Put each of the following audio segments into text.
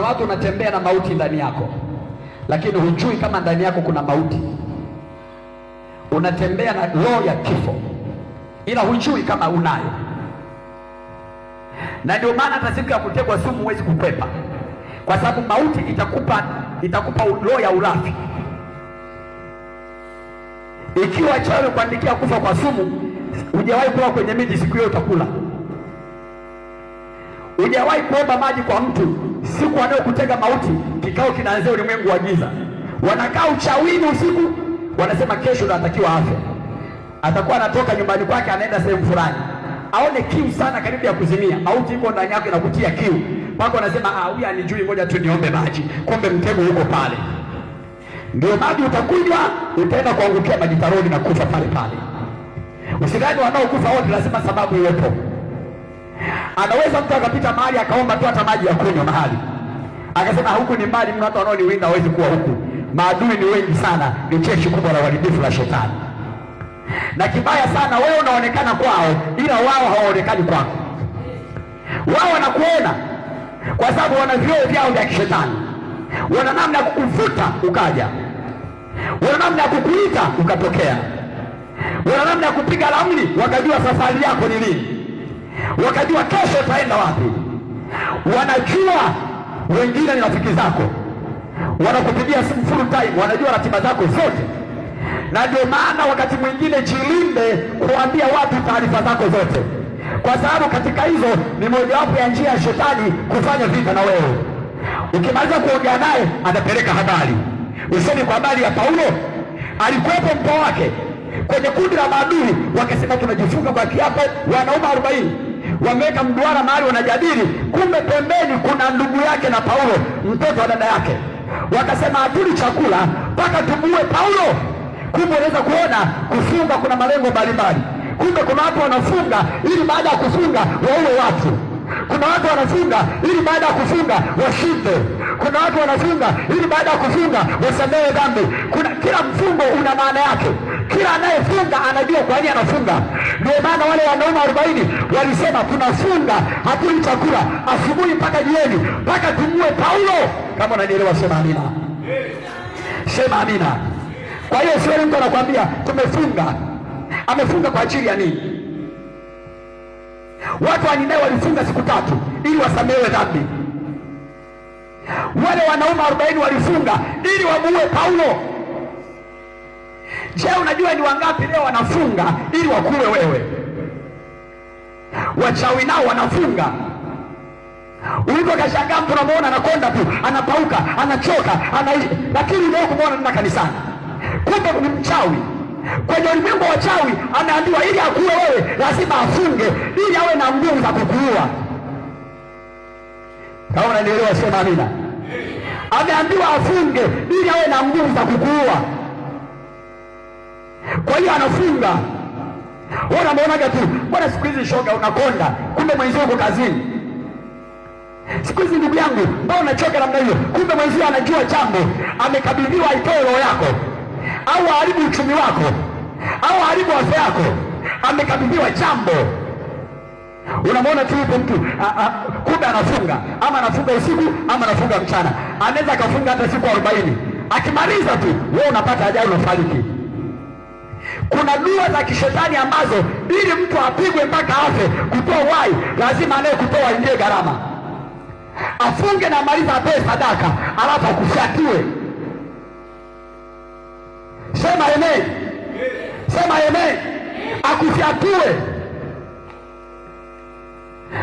Kuna watu unatembea na mauti ndani yako, lakini hujui kama ndani yako kuna mauti. Unatembea na roho ya kifo, ila hujui kama unayo. Na ndio maana hata siku ya kutegwa sumu huwezi kukwepa, kwa sababu mauti itakupa itakupa roho ya urafi. Ikiwa chawe kuandikia kufa kwa sumu, hujawahi kuwa kwenye miji, siku hiyo utakula. Hujawahi kuomba maji kwa mtu siku anayokutega mauti, kikao kinaanzia ulimwengu wa giza. Wanakaa uchawini usiku, wanasema kesho anatakiwa afya, atakuwa anatoka nyumbani kwake anaenda sehemu fulani, aone kiu sana karibu ya kuzimia. Mauti iko ndani yako inakutia kiu mpaka anasema ah, huyu anijui, ngoja tu niombe maji, kumbe mtego huko pale. Ndio maji utakunywa, utaenda kuangukia majitaroni na kufa pale pale. Usidhani wanaokufa wote lazima sababu iwepo. Anaweza mtu akapita mahali akaomba tu hata maji ya kunywa mahali, akasema huku ni mbali mna watu wanaoniwinda, hawezi kuwa huku, maadui ni wengi sana, ni cheshi kubwa la uharibifu la shetani. Na kibaya sana, wewe unaonekana kwao, ila wao hawaonekani kwako. Wao wanakuona kwa sababu wana vioo vyao vya kishetani, wana namna ya kukuvuta ukaja, wana namna ya kukuita ukatokea, wana namna ya kupiga ramli wakajua safari yako ni nini wakajua kesho itaenda wapi. Wanajua wengine ni rafiki zako, wanakupigia simu full time, wanajua ratiba zako zote, na ndio maana wakati mwingine jilinde kuambia watu taarifa zako zote, kwa sababu katika hizo ni mojawapo ya njia ya shetani kufanya vita na wewe. Ukimaliza kuongea naye, anapeleka habari. usomi kwa habari ya Paulo, alikuwepo mpo wake kwenye kundi la maadui, wakasema tunajifunga kwa kiapo. Wanaume arobaini wameweka mduara mahali wanajadili, kumbe pembeni kuna ndugu yake na Paulo, mtoto wa dada yake. Wakasema hatuli chakula mpaka tumuue Paulo. Kumbe unaweza kuona kufunga kuna malengo mbalimbali. Kumbe kuna watu wanafunga ili baada ya kufunga waue watu kuna watu wanafunga ili baada ya kufunga washinde. Kuna watu wanafunga ili baada ya kufunga wasamehe dhambi. Kuna kila mfungo una maana yake. Kila anayefunga anajua kwa nini anafunga. Ndio maana wale wanaume arobaini walisema tunafunga, hatuli chakula asubuhi mpaka jioni, mpaka tumue Paulo. Kama unanielewa sema amina, sema amina. Kwa hiyo siwele mtu anakwambia tumefunga, amefunga kwa ajili ya nini? Watu wa Ninawi walifunga siku tatu ili wasamehewe dhambi. Wale wanaume arobaini walifunga ili wamuue Paulo. Je, unajua ni wangapi leo wanafunga ili wakuwe wewe? Wachawi nao wanafunga uliko kashangaa, mtu unamwona anakonda tu, anapauka, anachoka, ana lakini leo kumwona nenda kanisani, kumbe ni mchawi. Kwenye ulimwengu wa wachawi anaambiwa ili akuwe wewe lazima afunge, ili awe na nguvu za kukuua. Kama unanielewa, sema amina. Ameambiwa afunge ili awe na nguvu za kukuua. Kwa hiyo anafunga. Wewe unamwonaga tu bwana, siku hizi shoga unakonda, kumbe mwenzio uko kazini. Siku hizi ndugu yangu, mbona unachoka namna hiyo? Kumbe mwenzio anajua chambo amekabidhiwa aitoe roho yako, au haribu uchumi wako, au haribu afya yako, amekabidhiwa chambo unamwona tu yupo mtu kumbe anafunga, ama anafunga usiku ama anafunga mchana, anaweza akafunga hata siku arobaini. Akimaliza tu wewe unapata ajali, unafariki. Kuna dua za kishetani ambazo ili mtu apigwe mpaka afe, kutoa uhai, lazima anayekutoa aingie gharama, afunge na maliza, atoe sadaka, alafu akufyatiwe. Sema amen, sema amen, akufyatue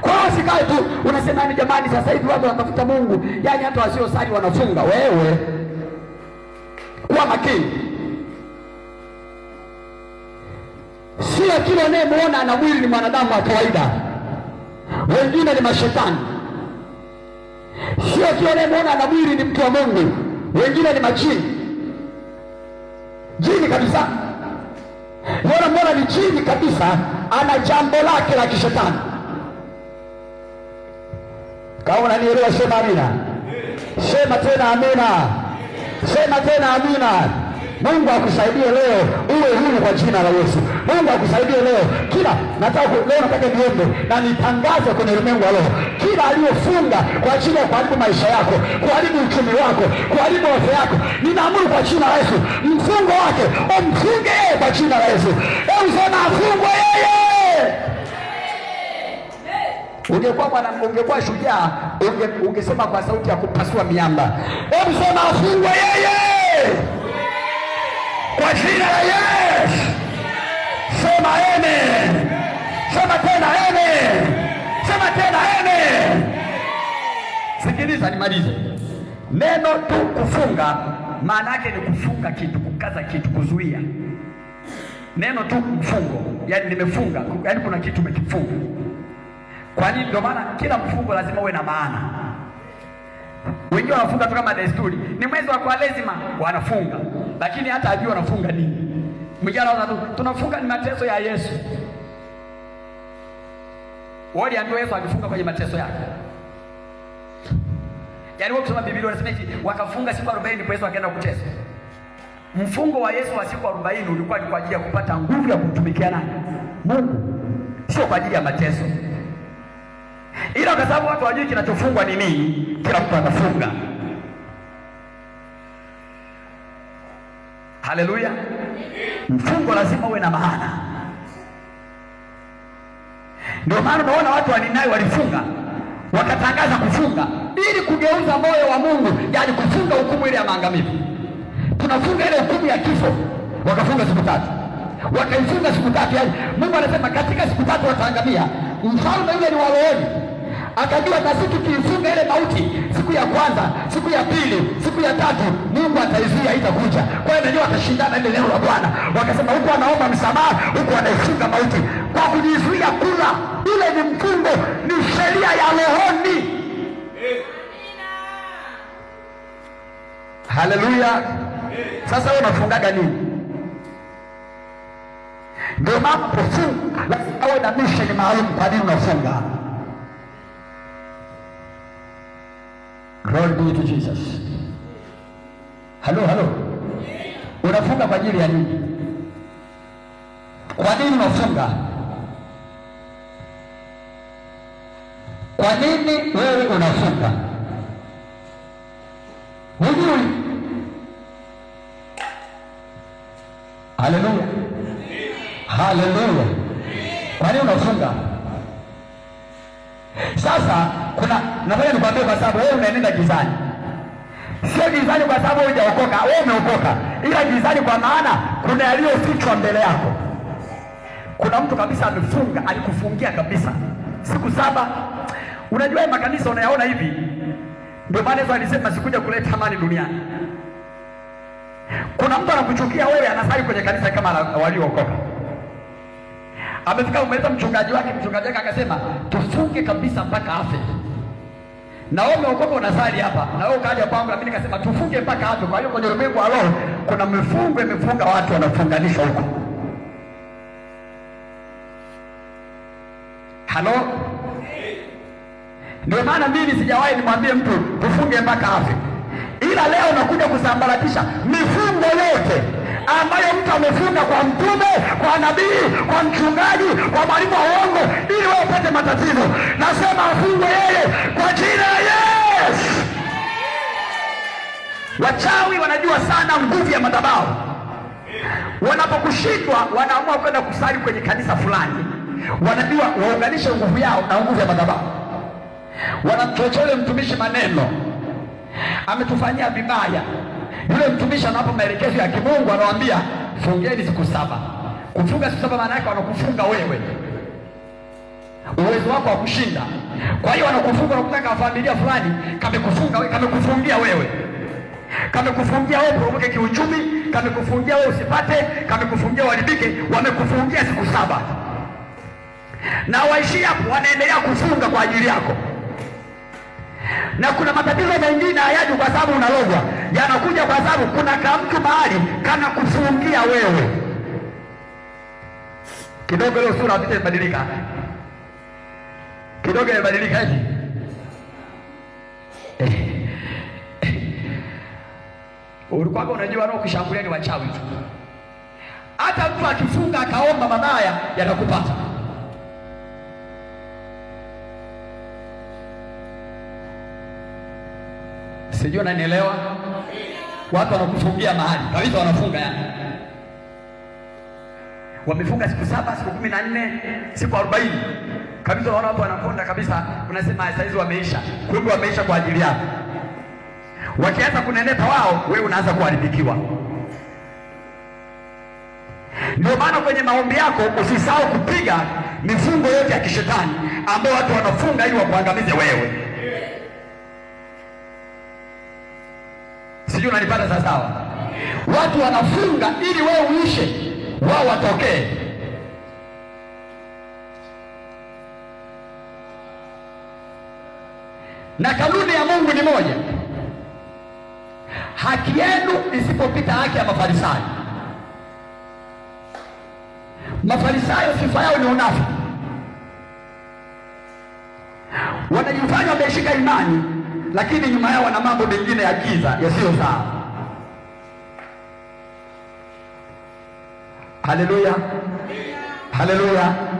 kwa hiyo tu unasema, ni jamani, sasa hivi watu wanatafuta Mungu, yaani hata wasiosali wanafunga. Wewe kuwa makini. Sio kila anayemwona ana mwili ni mwanadamu wa kawaida, wengine ni mashetani. Sio kila anayemwona ana mwili ni mtu wa Mungu, wengine ni majini, jini kabisa. mbona ni jini kabisa, ana jambo lake la kishetani. Kama unanielewa sema amina, sema tena amina, sema tena amina. Mungu akusaidie leo uwe huru kwa jina la Yesu. Mungu akusaidie leo. Kila nataka leo nataka niombe na nitangaze kwenye ulimwengu wa roho, kila aliyofunga kwa ajili ya kuharibu maisha yako, kuharibu uchumi wako, kuharibu afya yako, ninaamuru kwa jina la Yesu, mfungo wake umfunge yeye kwa jina la Yesu. Hebu sema afungwe yeye. Ungekuwa bwana, ungekuwa shujaa, ungesema kwa sauti ya kupasua miamba, hebu sema afungwe yeye kwa jina la Yesu. Sema amen. Sema tena amen. Sema tena amen. Sikiliza nimalize neno tu. Kufunga maana yake ni kufunga kitu, kukaza kitu, kuzuia. Neno tu mfungo, yaani nimefunga, yaani kuna kitu umekifunga. Kwa nini? Ndio maana kila mfungo lazima uwe na maana. wengi wanafunga tu kama desturi, ni mwezi wa Kwaresima wanafunga lakini hata ajua anafunga nini. wana tunafunga ni mateso ya Yesu. Wao Yesu alifunga kwenye mateso yake. Yaani wao kusoma Biblia wanasema hivi, wakafunga siku 40 ndipo Yesu akaenda kuteswa. Mfungo wa Yesu wa siku 40 ulikuwa ni kwa ajili ya kupata nguvu ya kumtumikia nani? Mungu. Sio kwa ajili ya mateso. Ila kwa sababu watu hawajui kinachofungwa ni nini, kila mtu anafunga. Haleluya! Mfungo lazima uwe na maana. Ndio maana unaona watu wa Ninawi walifunga wakatangaza kufunga ili kugeuza moyo wa Mungu, yaani kufunga hukumu ile ya maangamivu. Tunafunga ile hukumu ya kifo, wakafunga siku tatu, wakaifunga siku tatu. Yaani Mungu anasema katika siku tatu wataangamia. Mfalme yule ni wa rohoni akajua nasi kiifunga ile mauti siku ya kwanza, siku ya pili, siku ya tatu, Mungu ataizuia itakuja. Kwa hiyo wenyewe atashindana ile neno la Bwana, wakasema huku anaomba msamaha, huku anaifunga mauti kwa kujizuia kula. Ile ni mfungo, ni sheria ya rohoni. Haleluya! Sasa wewe unafungaga nini? Ndio maana unapofunga lazima uwe na misheni maalum kwa nini unafunga. Glory be to Jesus. Halo, halo. Unafunga kwa ajili ya nini? Kwa nini unafunga? Kwa nini wewe unafunga? Hujui? Haleluya. Haleluya. Kwa nini unafunga? Sasa kuna nataka nikwambie, kwa sababu wewe unaenenda gizani. Sio gizani kwa sababu hujaokoka, wewe umeokoka, ila gizani kwa maana kuna yaliyofichwa mbele yako. Kuna mtu kabisa amefunga, alikufungia kabisa siku saba. Unajua makanisa unayaona hivi, ndio maana Yesu alisema sikuja kuleta amani duniani. Kuna mtu anakuchukia wewe, anasali kwenye kanisa kama waliookoka amefika umeleta mchungaji wake, mchungaji wake akasema tufunge kabisa mpaka afe. Na wewe umeokoka unasali hapa, na wewe ukaja kwangu, lakini kasema tufunge mpaka afe. Kwa hiyo kwenye ulimwengu wa roho kuna mifungo imefunga watu, wanafunganishwa huko. Halo, ndio maana mimi sijawahi nimwambie mtu tufunge mpaka afe, ila leo nakuja kusambaratisha mifungo yote ambayo mtu amefunga kwa mtume, kwa nabii, kwa mchungaji, kwa mwalimu wa uongo, ili wewe upate matatizo. Nasema afungwe yeye kwa jina Yesu. Wachawi wanajua sana nguvu ya madhabahu. Wanapokushindwa wanaamua kwenda kusali kwenye kanisa fulani, wanajua waunganishe nguvu yao na nguvu ya madhabahu. Wanamchochole mtumishi maneno, ametufanyia vibaya yule mtumishi anawapa maelekezo ya kimungu, anawaambia fungeni siku saba. Kufunga siku saba maana yake wanakufunga wewe, uwezo wako wa kushinda. Kwa hiyo wanakufunga, wanakuta kama familia fulani kamekufunga, kamekufungia wewe, kamekufungia wewe uporomoke kiuchumi, kamekufungia wewe usipate, kamekufungia uharibike, wamekufungia siku saba na waishia hapo, wanaendelea kufunga kwa ajili yako, na kuna matatizo mengine hayaji kwa sababu unalogwa yanakuja kwa sababu kuna kamtu mahali kana kufungia wewe kidogo. Leo sura vita imebadilika kidogo, imebadilika hivi eh, eh. Ulikuwa unajua nao kushambulia ni wachawi tu. Hata mtu akifunga akaomba mabaya yanakupata. Sijui unanielewa? watu wanakufungia mahali kabisa, wanafunga yani, wamefunga siku saba, siku kumi na nne, siku arobaini kabisa. Unaona watu wanakonda kabisa, unasema saa hizi wameisha. Kumbe wameisha kwa ajili yako. Wakianza kunenepa wao, wewe unaanza kuharibikiwa. Ndio maana kwenye maombi yako usisahau kupiga mifungo yote ya kishetani ambayo watu wanafunga ili wakuangamize wewe. sijui unanipata sawasawa. Watu wanafunga ili wewe uishe, wao watokee. Na kanuni ya Mungu ni moja, haki yenu isipopita haki ya Mafarisayo. Mafarisayo sifa yao ni unafiki, wanajifanya wameshika imani lakini nyuma yao wana mambo mengine ya giza yasiyo sawa. Haleluya, haleluya.